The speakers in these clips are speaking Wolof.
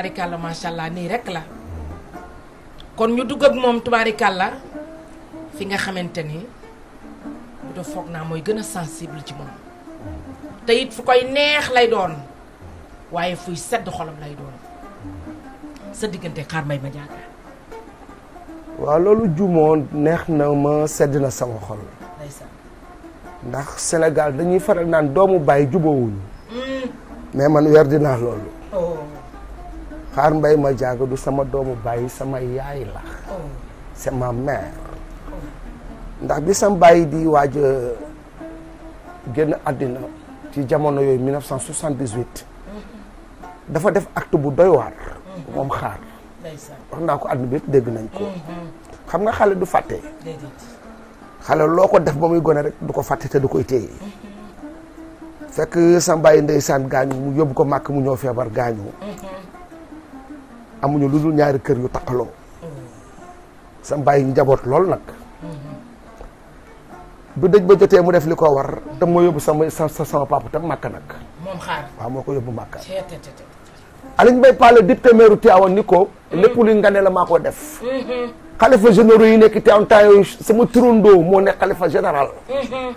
tubaarikàlla macha allah nii rek la kon ñu dugg moom moom tubaarikàlla fi nga xamante ni bu foog naa mooy gën a sensible ci moom te it fu koy neex lay doon waaye fuy sedd xolam lay doon sa diggante xaar mbay ma jaaga waaw loolu jumoo neex na ma sedd na sama xol ndax Sénégal dañuy faral naan doomu bàyyi jubóowuñu mm. mais man weer dinaa loolu xaar mbay ma jaago du sama doomu bàyyi sama yaay la oh. c'est ma ndax bi sama bàyyi di waaj génn àddina ci jamono yooyu 1978 mm-hmm. dafa def acte bu doy waar mm-hmm. moom xaar wax naa ko àdduna bi dégg nañ ko mm-hmm. xam nga xale du fàtte xale loo ko def ba muy gone rek du ko fàtte te du koy téye fekk sama bàyyi ndeysaan gaañu mu yóbbu ko màkk mu ñëw feebar gaañu amuñu lu dul ñaari kër yu taqaloo sam bàyyi njaboot lool nag bu dëj ba jotee mu def li ko war te moo yóbbu sama sama papa tam màkk nag moom waaw moo ko yóbbu màkk Aliñ Bay Paale député maire Tivaouane ni ko mm. lépp luy nga ne la maa ko def xalifa mm-hmm. généraux yi nekk Tivaouane temps yooyu sama turandoo moo nekk xalifa général mm-hmm.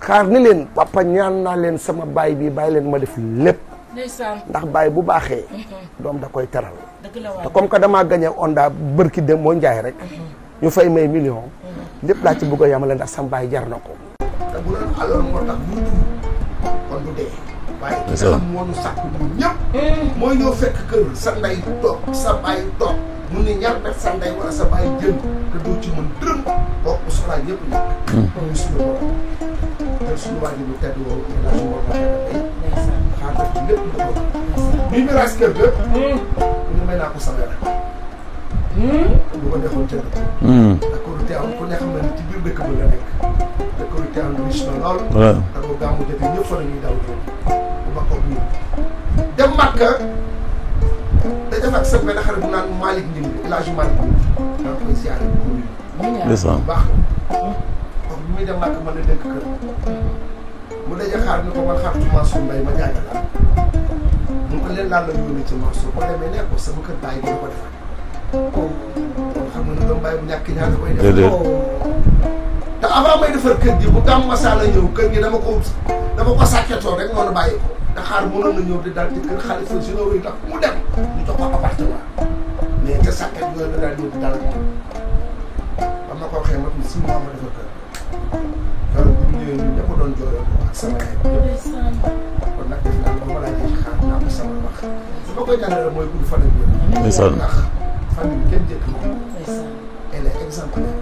xaar ni leen papa ñaan naa leen sama baay bi bàyyi leen ma def lépp ndax baay bu baaxee mhm. doom da koy teral te comme que damaa gagné Onda bërki dem moo njaay rek mhm. ñu fay may million mhm. lépp laa ci bëgg a yamale ndax sam bàyyi jar na ko mooy ñoo fekk kër sa ndey toog sa bàyyi toog mun ne ñaar bet sa ndey wala sa bàyyi jënd te ci mën dërëm kooku soxlaa ñëpp ñàkk ñu suñu borom xaaral suñu waajur bu tedd woowu émission boobu nga xaaral ci lépp nga ko. bii miraas kër ga. ku hmm. ne may naa ko sama rek. Hmm. lu ko defoon ca dëkk. ak ku teewal ku ne xam na ni ci biir dëkk ba la nekk. te ku teewal riche na lool. waaw te bu gàmmu jotee ñëpp fa la ñuy daw lool. bu ba koog ñun. dem Màkka. dañu def ak sa benn xarit bu naan Malick Ndingue El Hadj Malick Ndingue. maa ngi koy ziare bu baax. ndax dem màkk mën na dénk kër mu daje xaar ni ko man ma jàngal la mu ko leen la yónni ci Mansour boo ko sama kër bàyyi dina ko defal kon xam nga ne doom bàyyi ñàkk ñaar koy def oh. te avant may defar kër ñëw kër gi dama ko dama ko sàkketoo rek moo na bàyyi ko te xaar mënoon di daal ci kër mu dem ñu jox ko appartement am ma defar kër loolu bu ñu ñëwee ñun doon jooyoon ak sama yaay kon nag def naa ba ma laajee ci xaar naa ko sama wax li ma koy ñaanal mooy gudd fan ak wér. ndeysaan ndax famille bi kenn jëkk moom. elle est exemplaire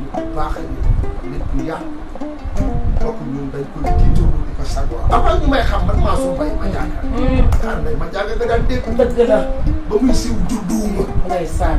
ñu baax nit ku yàq bokk ñun dañ koy jiitoo di ko sagoo avant ñu may xam man maa su bay ma jàngal. Mm. xaar mbay ma jàngal nga daan dégg. dëgg la ba muy siiw judduwuma. ndeysaan.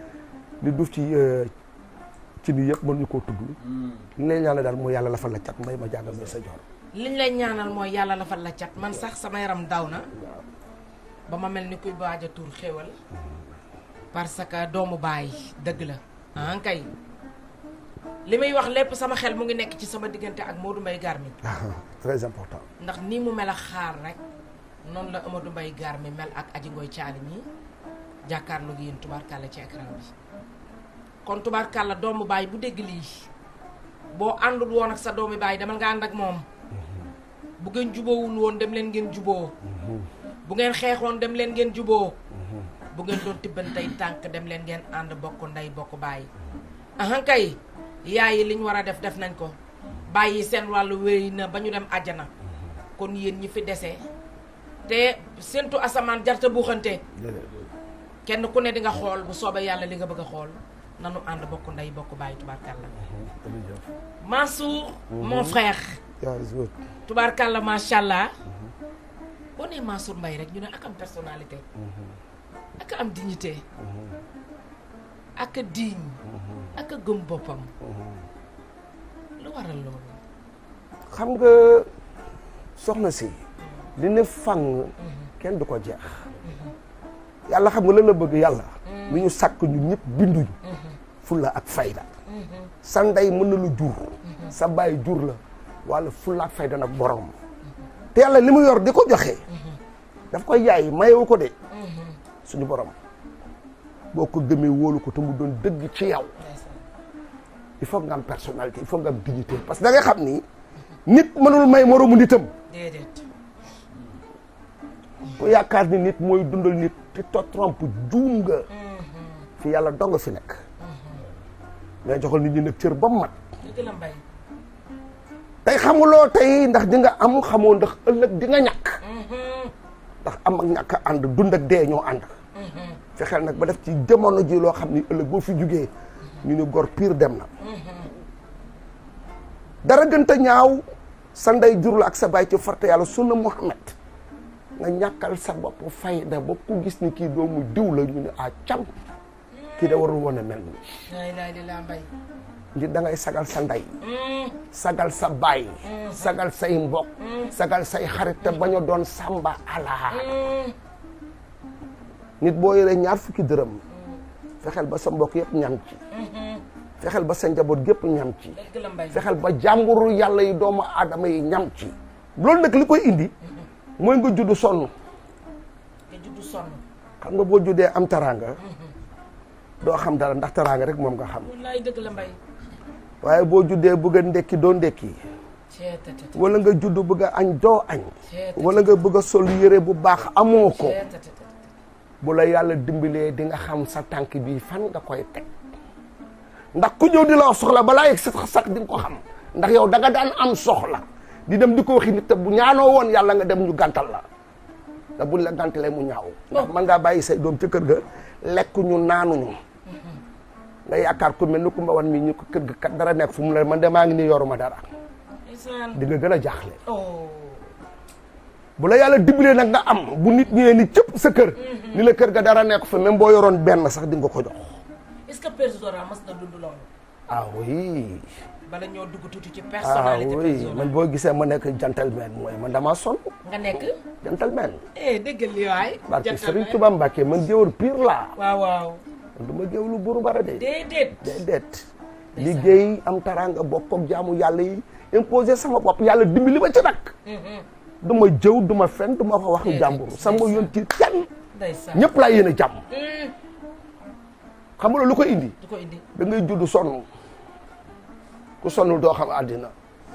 li duuf ci euh, ci bi yëpp mënuñu koo tudd. Hmm. li lay ñaanal daal mooy yàlla la fa la cat mbay ma jàngal ma sa joor. liñ lay ñaanal mooy yàlla la la cat man sax sama yaram daw na. ba ma mel ni kuy waaj a tuur xéwal. parce que doomu baay dëgg la. ah kay li muy wax lépp sama xel mu ngi nekk ci sama diggante ak Modou Mbaye Garmi. très important. ndax ni mu mel a xaar rek noonu la Amadou Mbaye Garmi mel ak aji ngoy caali ñi jàkkaarloo gi yéen tubaarkàlla ci écran bi. kon tubaarkàlla doomu baay bu dégg lii boo àndul woon ak sa doomu baay demal nga ànd ak moom mm-hmm. bu ngeen juboowul woon dem leen ngeen juboo mm-hmm. bu ngeen xeexoon dem leen ngeen juboo mm-hmm. bu ngeen doon tibbantey tànk dem leen ngeen ànd bokk ndey bokk baay ahankay yaay yi liñ war a def def nañ ko bàyyi seen wàllu wéy na ba ñu dem àjjana kon yéen ñi fi dese te séntu asamaan jarta buuxante kenn ku ne di nga xool bu soobee yàlla li nga bëgg xool nanu ànd bokk ndey bokk bàyyi tubaarkàlla mhm, Mansour mhm. mon frère macha allah mhm. boo nee Mansour Mbaye rek ñu ne ak am personnalité ak am dignité ak a gëm boppam lu waral loolu xam nga soxna si li ne fang kenn du ko jeex yàlla xam nga lan la bëgg yàlla mm. lu ñu sàkk ñun ñëpp binduñu fulla ak fayda mhm. sa ndey mën na lu jur sa baay jur la wala fulla ak fayda nag borom mhm. te yàlla li yor di ko joxe mhm. daf koy yaay mayewu ko de suñu borom boo ko gëmee wóolu ko te mu doon dëgg ci yow il faut nga am il faut nga am parce que da xam ni nit mënul may moroomu nitam déedéet ku yaakaar ni nit mooy dundal nit te to trompe juum nga fi yàlla dong fi nekk mais joxal nit ñu nag cër ba mat. tey xamuloo tey ndax di nga am xamoo ndax ëllëg di nga ñàkk. Mm-hmm. ndax am ak ñàkk ànd dund ak dee ñoo ànd. Mm-hmm. fexeel nag ba def ci jamono ji loo xam ni ëllëg boo fi jugee mm-hmm. ñu ne gor piir dem na. dara gënta ñaaw sa ndey jur la ak sa baay ci farte yàlla sunna Muhammad nga ñàkkal sa bopp fayda ba ku gis ni kii doomu diw la ñu ne a ah, kii de warul woon a mel nii. ndi da ngay sagal sa ndey. Mm. sagal sa baay. Mm. sagal say mbokk. Mm. sagal say xarit te bañ doon samba ala. nit boo yoree ñaar fukki dërëm. fexeel ba sa mbokk yëpp ñam ci. Mm-hmm. fexeel ba sa njaboot gépp ñam ci. fexeel ba jàmburu yàlla yi doomu aadama yi ñam ci. loolu nag li koy indi. Mm-hmm. mooy nga juddu sonn. nga juddu sonn. xam nga boo juddee am taraanga. Mm-hmm. doo xam dara ndax teraanga rek moom nga xam. wallaay dëgg la mbay. waaye boo juddee bëgg a ndekki doo ndekki. wala nga judd bëgg a añ doo añ. wala nga bëgg a sol yére bu baax amoo ko. bu la yàlla dimbalee di nga xam sa tànk bii fan nga koy teg ndax ku ñëw di la wax soxla balaa sa sax sax di nga ko xam ndax yow danga nga daan am soxla di dem di ko waxi nit bu ñaanoo woon yàlla nga dem ñu gàntal la te buñ la gàntalee mu ñaaw. ndax oh. mën ngaa bàyyi say doom ca kër ga lekkuñu naanuñu. nga yaakaar ku mel ni ku ma wan mi ñu ko kër ga dara nekk fu mu la ma de maa ngi nii yoruma dara. di gën a jaaxle. Oh. bu la yàlla dimbalee nag nga am bu nit ñëwee ni cëpp sa kër. Mhm. ni la kër ga dara nekk fa même boo yoroon benn sax di nga ko jox. est que Persodora na ah ñoo dugg tuuti ci ah personnalité. ah oui man boo gisee ma nekk gentleman mooy man damaa sonn. nga eh, Barke Serigne Touba Mbacke man jëwër pire laa. waaw man du lu géwlu buuru de déedéet déedéet liggéey am taranga bokk ak jaamu yàlla yi imposé sama bopp yàlla dimbali ma ci nag mm-hmm. du ma jëw du ma fen du ma fa waxu jàmbur sama yoon ci kenn ñëpp laa yéen a jàmm mm. xam nga lu ko indi da ngay judd sonn ku sonnul doo xam àddina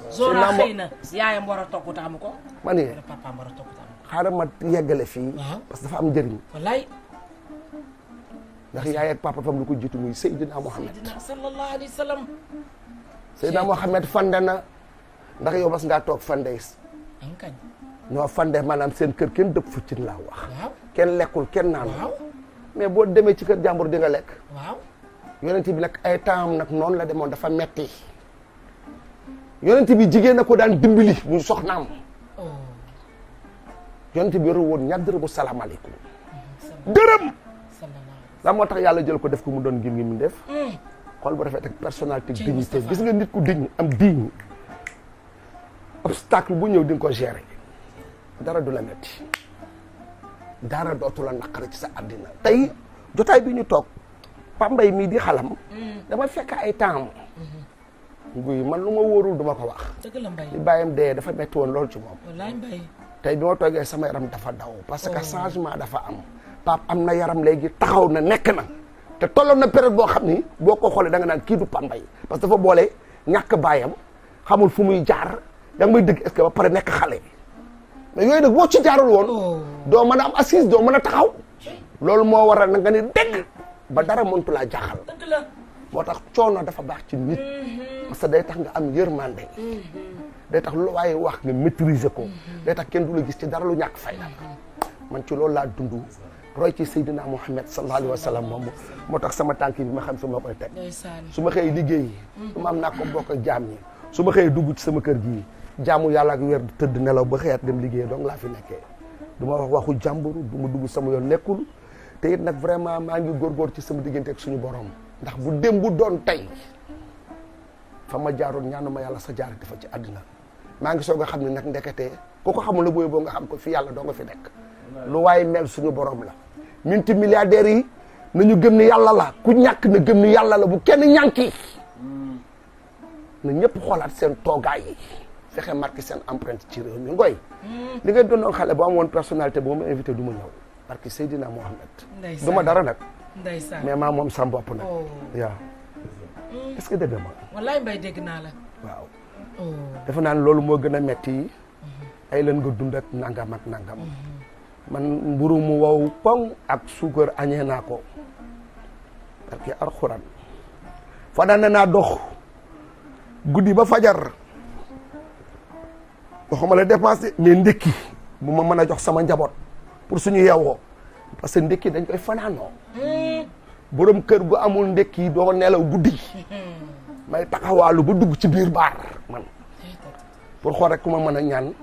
Zora na yaayam war a ma war a togg te ko xaaral ma yeggale fii parce que dafa ndax yaay ak papa fam lu ko jiitu muy Seydina Mohamed. sallallahu alayhi wa sallam. Seydina Mohamed fande na ndax yow mas ngaa toog fande yi. kañ. ñoo fande maanaam seen kër kenn dëpp fu cin laa wax. kenn lekkul kenn naan. mais boo demee ci kër jàmbur di lekk. waaw bi nag ay temps nag noonu la demoon dafa metti yonent bi jigéen na ko daan dimbali muy soxnaam. Oh. yonent bi yoru woon ñaar dërëmu salaamaaleykum. Mm-hmm. dërëm. daa moo tax yàlla jël ko def ko mu doon ngir ngi mu def hmm. xool bu rafet ak personnalité dignité gis nga nit ku digne am digne obstacle bu ñëw di ko gérer dara du la metti dara dootu la naqari ci sa àddina tey jotaay bi ñu toog pambay mii di xalam hmm. dama fekk ay temps nguy hmm. man lu ma wóorul duma ko wax li baayam dee dafa metti woon loolu ci moom tey bi ma toogee sama yaram dafa daw parce que oh. changement dafa am Pape am na yaram léegi taxaw na nekk na te tolloon na période boo xam ni boo ko xoolee da naan kii du pambay parce que dafa boole ñàkk baayam xamul fu muy jaar da nga may dëgg est que ba pare nekk xale mais yooyu nag boo ci jaarul woon oh. doo mën am assise doo mën a taxaw loolu moo waral na nga ni dégg ba dara mëntu laa jaaxal moo tax coono dafa baax ci nit mm-hmm. parce que day tax nga am yërmande mm-hmm. day tax lu waaye wax nga maîtriser ko mm-hmm. day tax kenn du la gis ci dara lu ñàkk fayda man ci loolu laa dund roy ci Seydina Muhammad sallallahu alayhi wa sallam moom moo tax sama tànk bi ma xam fi ma koy teg su ma xëyee liggéey ma am naa ko boo ko jaam ñi su ma xëyee dugg ci sama kër gi jaamu yàlla ak weer tëdd nelaw ba xëyaat dem liggéey donc laa fi nekkee du ma wax waxu jàmbur du ma dugg sama yoon nekkul te it nag vraiment maa ngi góorgóor ci sama diggante ak suñu borom ndax bu dem bu doon tey fa ma jaaroon ñaanu ma yàlla sa jaar dafa ci àdduna maa ngi soog a xam ne nag ndeketee ku ko la booy boo nga xam ko fi yàlla doo nga fi nekk lu waaye mel suñu borom la multimilliardaires yi nañu gëm ni yàlla la ku ñàkk na gëm ni yàlla la bu kenn ñànki na ñëpp xoolaat seen toogaay yi fexe marqué seen empreinte ci réew mi ngoy hmm. li ngay doon xale bu am woon personnalité boo ma invité du ma ñëw parce que Seydina Mohamed du ma dara nag mais maa moom sam bopp nag waaw oh. hmm. est-ce que dëgg ma wallaay naa la waaw oh. dafa naan loolu moo gën a metti hmm. ay lan nga dund ak nangam nangam man mburu mu wow poŋ ak suukar añee naa ko parce que alxuraan fanaane naa dox guddi ba fajar waxuma la dépense mais ndékki bu ma mën a jox sama njaboot pour suñu yeewoo parce que ndékki dañ koy fanaanoo borom kër gu amul ndékki doo nelaw guddi may taxawaalu ba dugg ci biir baar man pour xool rek ku ma mën a ñaan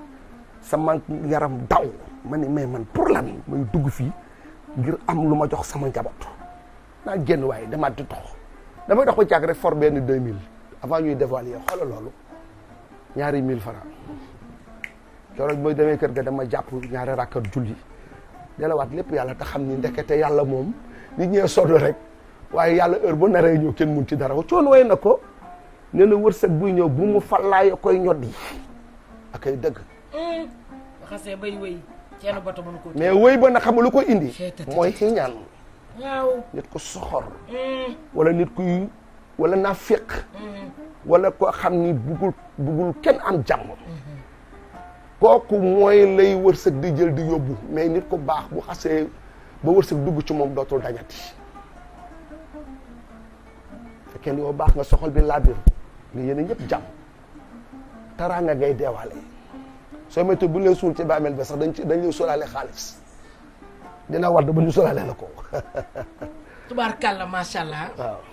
sama yaram daw ma ni mais man pour lan may dugg fii ngir am lu ma jox sama njaboot naa génn waaye dama di dox damay dox ba càgg rek for benn deux mille avant ñuy dévoiler xoolal loolu ñaari mille francs keroog mooy demee kër ga dama jàpp ñaari rakkat julli delawaat lépp yàlla te xam ni ndekete yàlla moom nit ñee sonn rek waaye yàlla heure bu naree ñëw kenn mun ci dara coon way na ko nee na wërsëg buy ñëw bu mu fallaay koy ñoddi akay dëgg xasee bay mais wéy ba na xam lu ko indi mooy xiñaan nit ko soxor hmm. wala nit kuy wala nafiq hmm. walla koo xam ni bugul kenn am jàmm hmm. kooku mooy lay wërsëg di jël di yóbbu mais nit ko baax bu xasee ba wërsëg dugg ci moom dootul dañati fekkee yow baax nga soxol bi laabir nga yéene ñëpp jàmm taraanga ngay deewaale soo moytuwul bu ñu lay suul ci bàmmeel ba sax dañ ci dañ lay sóoraale xaalis dina wadd ba ñu sóoraale la ko. tubaarkàlla macha allah. waaw